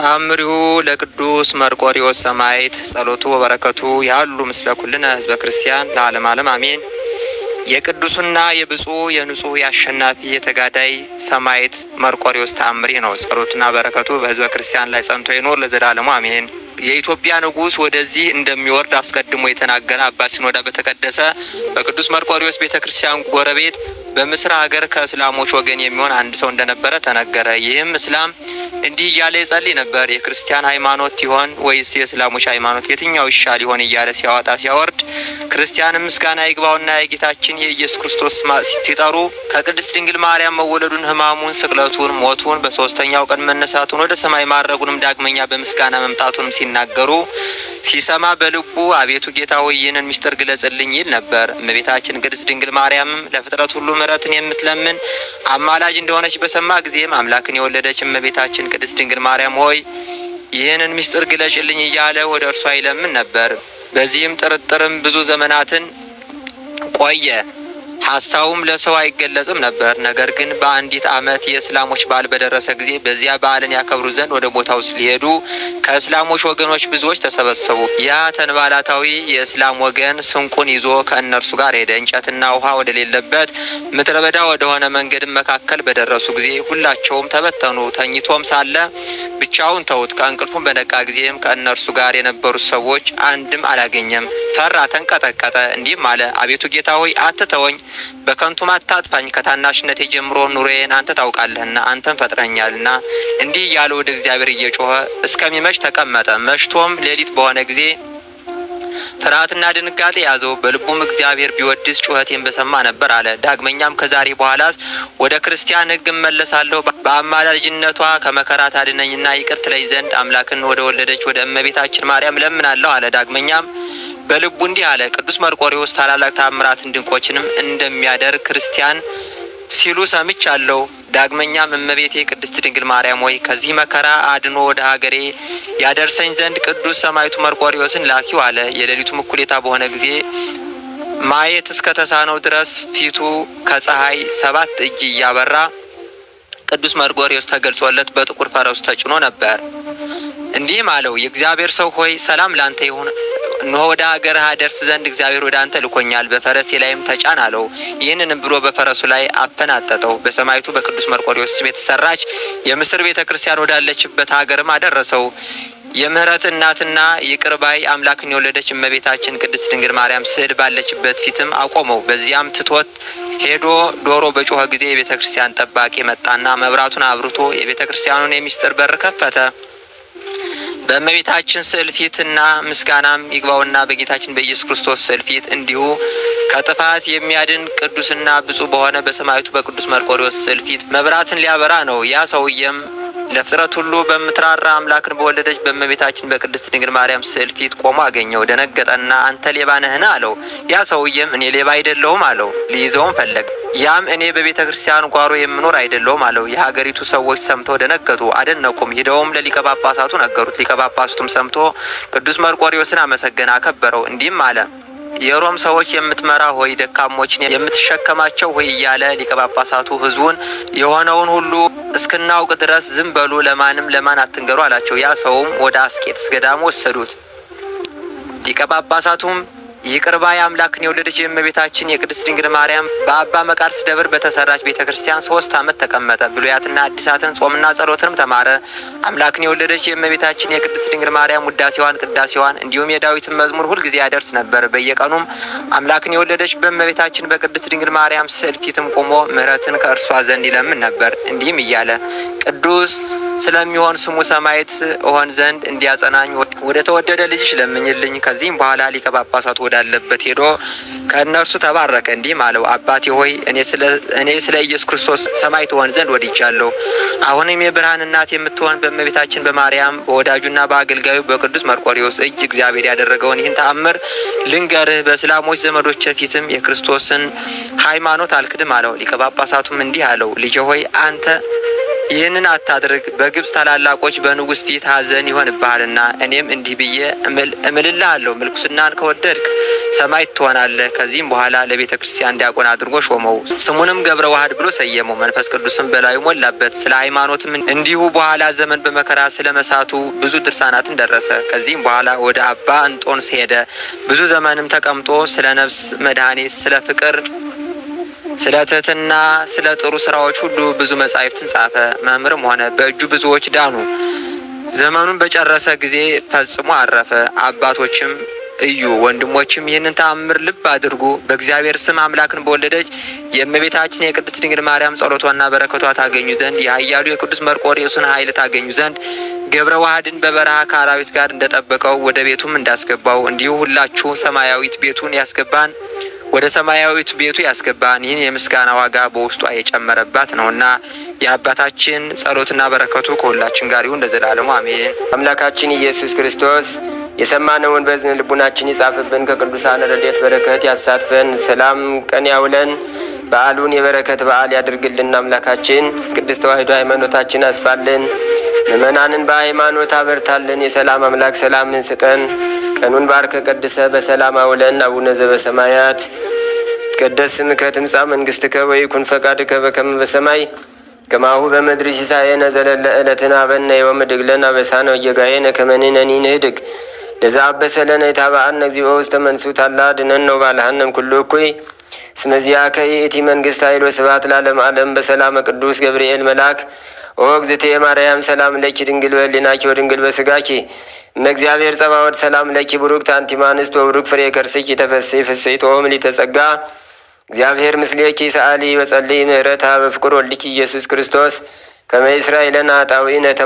ተአምሪሁ ለቅዱስ መርቆሪዎስ ሰማይት ጸሎቱ ወበረከቱ ያሉ ምስለ ኩልነ ህዝበ ክርስቲያን ለዓለም ዓለም አሜን። የቅዱስና የብፁ የንጹህ የአሸናፊ የተጋዳይ ሰማይት መርቆሪዎስ ተአምሪ ነው። ጸሎትና በረከቱ በህዝበ ክርስቲያን ላይ ጸንቶ ይኖር ለዘላለሙ አሜን። የኢትዮጵያ ንጉስ ወደዚህ እንደሚወርድ አስቀድሞ የተናገረ አባ ሲኖዳ በተቀደሰ በቅዱስ መርቆሪዎስ ቤተ ክርስቲያን ጎረቤት በምስር ሀገር ከእስላሞች ወገን የሚሆን አንድ ሰው እንደነበረ ተነገረ። ይህም እስላም እንዲህ እያለ ይጸልይ ነበር። የክርስቲያን ሃይማኖት ይሆን ወይስ የእስላሞች ሃይማኖት የትኛው ይሻል ይሆን እያለ ሲያወጣ ሲያወርድ፣ ክርስቲያንም ምስጋና ይግባውና የጌታችን የኢየሱስ ክርስቶስ ሲጠሩ ከቅድስት ድንግል ማርያም መወለዱን፣ ህማሙን ስቅለቱን፣ ሞቱን፣ በሶስተኛው ቀን መነሳቱን፣ ወደ ሰማይ ማድረጉንም ዳግመኛ በምስጋና መምጣቱንም ሲናገሩ ሲሰማ በልቡ አቤቱ ጌታ ሆይ ይህንን ግለጽልኝ ይል ነበር። እመቤታችን ቅድስት ድንግል ማርያምም ለፍጥረት ሁሉ ምሕረትን የምትለምን አማላጅ እንደሆነች በሰማ ጊዜም አምላክን የወለደች እመቤታችን ቅድስት ድንግል ማርያም ሆይ ይህንን ምስጢር ግለጭልኝ እያለ ወደ እርሷ ይለምን ነበር። በዚህም ጥርጥርም ብዙ ዘመናትን ቆየ። ሀሳቡም ለሰው አይገለጽም ነበር። ነገር ግን በአንዲት ዓመት የእስላሞች በዓል በደረሰ ጊዜ በዚያ በዓልን ያከብሩ ዘንድ ወደ ቦታው ሲሄዱ ከእስላሞች ወገኖች ብዙዎች ተሰበሰቡ። ያ ተንባላታዊ የእስላም ወገን ስንቁን ይዞ ከእነርሱ ጋር ሄደ። እንጨትና ውሃ ወደሌለበት ምድረ በዳ ወደሆነ መንገድን መካከል በደረሱ ጊዜ ሁላቸውም ተበተኑ። ተኝቶም ሳለ ብቻውን ተውት። ከእንቅልፉም በነቃ ጊዜም ከእነርሱ ጋር የነበሩት ሰዎች አንድም አላገኘም። ፈራ፣ ተንቀጠቀጠ። እንዲህም አለ፣ አቤቱ ጌታ ሆይ አትተወኝ በከንቱ ማታጥፋኝ ከታናሽነት የጀምሮ ኑሮዬን አንተ ታውቃለህና አንተን ፈጥረኛልና። እንዲህ እያለ ወደ እግዚአብሔር እየጮኸ እስከሚመሽ ተቀመጠ። መሽቶም ሌሊት በሆነ ጊዜ ፍርሃትና ድንጋጤ ያዘው። በልቡም እግዚአብሔር ቢወድስ ጩኸቴን በሰማ ነበር አለ። ዳግመኛም ከዛሬ በኋላስ ወደ ክርስቲያን ሕግ እመለሳለሁ በአማላጅነቷ ከመከራ ታድነኝና ይቅር ትለኝ ዘንድ አምላክን ወደ ወለደች ወደ እመቤታችን ማርያም እለምናለሁ አለ። ዳግመኛም በልቡ እንዲህ አለ። ቅዱስ መርቆሪዎስ ታላላቅ ታምራትን ድንቆችንም እንደሚያደርግ ክርስቲያን ሲሉ ሰምቻለሁ። ዳግመኛም እመቤቴ ቅድስት ድንግል ማርያም ሆይ ከዚህ መከራ አድኖ ወደ ሀገሬ ያደርሰኝ ዘንድ ቅዱስ ሰማዕቱ መርቆሪዎስን ላኪው አለ። የሌሊቱ እኩሌታ በሆነ ጊዜ ማየት እስከ ተሳነው ድረስ ፊቱ ከፀሐይ ሰባት እጅ እያበራ ቅዱስ መርቆሬዎስ ተገልጾለት በጥቁር ፈረሱ ተጭኖ ነበር። እንዲህም አለው፣ የእግዚአብሔር ሰው ሆይ ሰላም ላንተ ይሁን። እነሆ ወደ ሀገር አደርስ ዘንድ እግዚአብሔር ወደ አንተ ልኮኛል፣ በፈረሴ ላይም ተጫን አለው። ይህንንም ብሎ በፈረሱ ላይ አፈናጠጠው። በሰማይቱ በቅዱስ መርቆሪዎስ ስም የተሰራች የምስር ቤተ ክርስቲያን ወዳለችበት ሀገርም አደረሰው። የምህረት እናትና ይቅርባይ አምላክን የወለደች እመቤታችን ቅድስት ድንግል ማርያም ስዕል ባለችበት ፊትም አቆመው። በዚያም ትቶት ሄዶ ዶሮ በጮኸ ጊዜ የቤተ ክርስቲያን ጠባቂ መጣና መብራቱን አብርቶ የቤተ ክርስቲያኑን የሚስጥር በር ከፈተ። በእመቤታችን ስዕል ፊትና ምስጋናም ይግባውና በጌታችን በኢየሱስ ክርስቶስ ስዕል ፊት እንዲሁ ከጥፋት የሚያድን ቅዱስና ብፁዕ በሆነ በሰማዕቱ በቅዱስ መርቆሪዎስ ስዕል ፊት መብራትን ሊያበራ ነው። ያ ሰውየም ለፍጥረት ሁሉ በምትራራ አምላክን በወለደች በእመቤታችን በቅድስት ድንግል ማርያም ስዕል ፊት ቆሞ አገኘው። ደነገጠና አንተ ሌባ ነህን አለው። ያ ሰውዬም እኔ ሌባ አይደለሁም አለው። ሊይዘውም ፈለገ። ያም እኔ በቤተ ክርስቲያን ጓሮ የምኖር አይደለሁም አለው። የሀገሪቱ ሰዎች ሰምተው ደነገጡ፣ አደነቁም። ሂደውም ለሊቀ ጳጳሳቱ ነገሩት። ሊቀ ጳጳሳቱም ሰምቶ ቅዱስ መርቆሪዎስን አመሰገነ፣ አከበረው። እንዲህም አለ የሮም ሰዎች የምትመራ ሆይ ደካሞችን የምትሸከማቸው ሆይ እያለ ሊቀ ጳጳሳቱ ህዝቡን የሆነውን ሁሉ እስክናውቅ ድረስ ዝም በሉ፣ ለማንም ለማን አትንገሩ አላቸው። ያ ሰውም ወደ አስቄጥስ ገዳም ወሰዱት። ሊቀ ጳጳሳቱም ይቅርባ የአምላክን የወለደች የእመቤታችን የቅድስት ድንግል ማርያም በአባ መቃርስ ደብር በተሰራች ቤተ ክርስቲያን ሶስት ዓመት ተቀመጠ። ብሉያትና አዲሳትን ጾምና ጸሎትንም ተማረ። አምላክን የወለደች የእመቤታችን የቅድስት ድንግል ማርያም ውዳሴዋን፣ ቅዳሴዋን እንዲሁም የዳዊትን መዝሙር ሁልጊዜ ያደርስ ነበር። በየቀኑም አምላክን የወለደች በእመቤታችን በቅድስት ድንግል ማርያም ስዕል ፊትም ቆሞ ምሕረትን ከእርሷ ዘንድ ይለምን ነበር። እንዲህም እያለ ቅዱስ ስለሚሆን ስሙ ሰማዕት እሆን ዘንድ እንዲያጸናኝ ወደ ተወደደ ልጅሽ ለምኝልኝ። ከዚህም በኋላ ሊቀ ጳጳሳት ወዳለበት ሄዶ ከእነርሱ ተባረከ። እንዲህም አለው፣ አባቴ ሆይ እኔ ስለ ኢየሱስ ክርስቶስ ሰማዕት እሆን ዘንድ ወድጃለሁ። አሁንም የብርሃን እናት የምትሆን በእመቤታችን በማርያም በወዳጁና በአገልጋዩ በቅዱስ መርቆሪዎስ እጅ እግዚአብሔር ያደረገውን ይህን ተአምር ልንገርህ። በእስላሞች ዘመዶች ፊትም የክርስቶስን ሃይማኖት አልክድም አለው። ሊቀ ጳጳሳቱም እንዲህ አለው፣ ልጄ ሆይ አንተ ይህንን አታድርግ፣ በግብፅ ታላላቆች በንጉሥ ፊት ሐዘን ይሆንብሃልና። እኔም እንዲህ ብዬ እምልልሃለሁ፣ ምልኩስናን ከወደድክ ሰማይ ትሆናለህ። ከዚህም በኋላ ለቤተ ክርስቲያን ዲያቆን አድርጎ ሾመው፣ ስሙንም ገብረ ዋህድ ብሎ ሰየመው። መንፈስ ቅዱስም በላዩ ሞላበት። ስለ ሃይማኖትም እንዲሁ በኋላ ዘመን በመከራ ስለ መሳቱ ብዙ ድርሳናትን ደረሰ። ከዚህም በኋላ ወደ አባ እንጦንስ ሄደ። ብዙ ዘመንም ተቀምጦ ስለ ነፍስ መድኃኒት ስለ ፍቅር ስለ ትህትና፣ ስለ ጥሩ ስራዎች ሁሉ ብዙ መጻሕፍትን ጻፈ። መምህርም ሆነ፣ በእጁ ብዙዎች ዳኑ። ዘመኑን በጨረሰ ጊዜ ፈጽሞ አረፈ። አባቶችም እዩ ወንድሞችም ይህንን ተአምር ልብ አድርጉ። በእግዚአብሔር ስም አምላክን በወለደች የእመቤታችን የቅድስት ድንግል ማርያም ጸሎቷና በረከቷ ታገኙ ዘንድ የኃያሉ የቅዱስ መርቆሬዎስን ኃይል ታገኙ ዘንድ ገብረ ዋህድን በበረሃ ከአራዊት ጋር እንደጠበቀው ወደ ቤቱም እንዳስገባው እንዲሁ ሁላችሁ ሰማያዊት ቤቱን ያስገባን ወደ ሰማያዊት ቤቱ ያስገባን። ይህን የምስጋና ዋጋ በውስጧ የጨመረባት ነውና የአባታችን ጸሎትና በረከቱ ከሁላችን ጋር ይሁን ለዘላለሙ አሜን። አምላካችን ኢየሱስ ክርስቶስ የሰማነውን በዝን ልቡናችን ይጻፍብን፣ ከቅዱሳን ረድኤት በረከት ያሳትፈን፣ ሰላም ቀን ያውለን በዓሉን የበረከት በዓል ያድርግልን። አምላካችን ቅድስት ተዋሕዶ ሃይማኖታችን አስፋልን፣ ምእመናንን በሃይማኖት አበርታልን። የሰላም አምላክ ሰላምን ስጠን። ቀኑን ባርከ ቀድሰ በሰላም አውለን። አቡነ ዘበሰማያት ይትቀደስ ስምከ ትምጻእ መንግሥትከ ወይኩን ፈቃድከ በከመ በሰማይ ከማሁ በምድር ሲሳየነ ዘለለ ዕለትነ ሀበነ ዮም ወኅድግ ለነ አበሳነ ወጌጋየነ ከመ ንሕነኒ ንኅድግ ለዘ አበሰ ለነ ኢታብአነ እግዚኦ ውስተ መንሱት አላ አድኅነነ ወባልሐነ እምኩሉ እኩይ ስመዚያ ከይእቲ መንግስት ኃይሎ ስብሐት ለዓለመ ዓለም በሰላመ ቅዱስ ገብርኤል መልአክ ኦግዝቴ ማርያም ሰላም ለኪ ድንግል በሕሊናኪ ወድንግል በስጋኪ እመእግዚአብሔር ጸባዖት ሰላም ለኪ ቡሩክት አንቲ እምአንስት ወቡሩክ ፍሬ ከርሥኪ ተፈሥሒ ፍሥሕት ኦ ምልዕተ ጸጋ እግዚአብሔር ምስሌኪ ሰዓሊ በጸልይ ምህረታ በፍቅር ወልኪ ኢየሱስ ክርስቶስ ከመ ይስራ ይለነ ኃጣውኢነ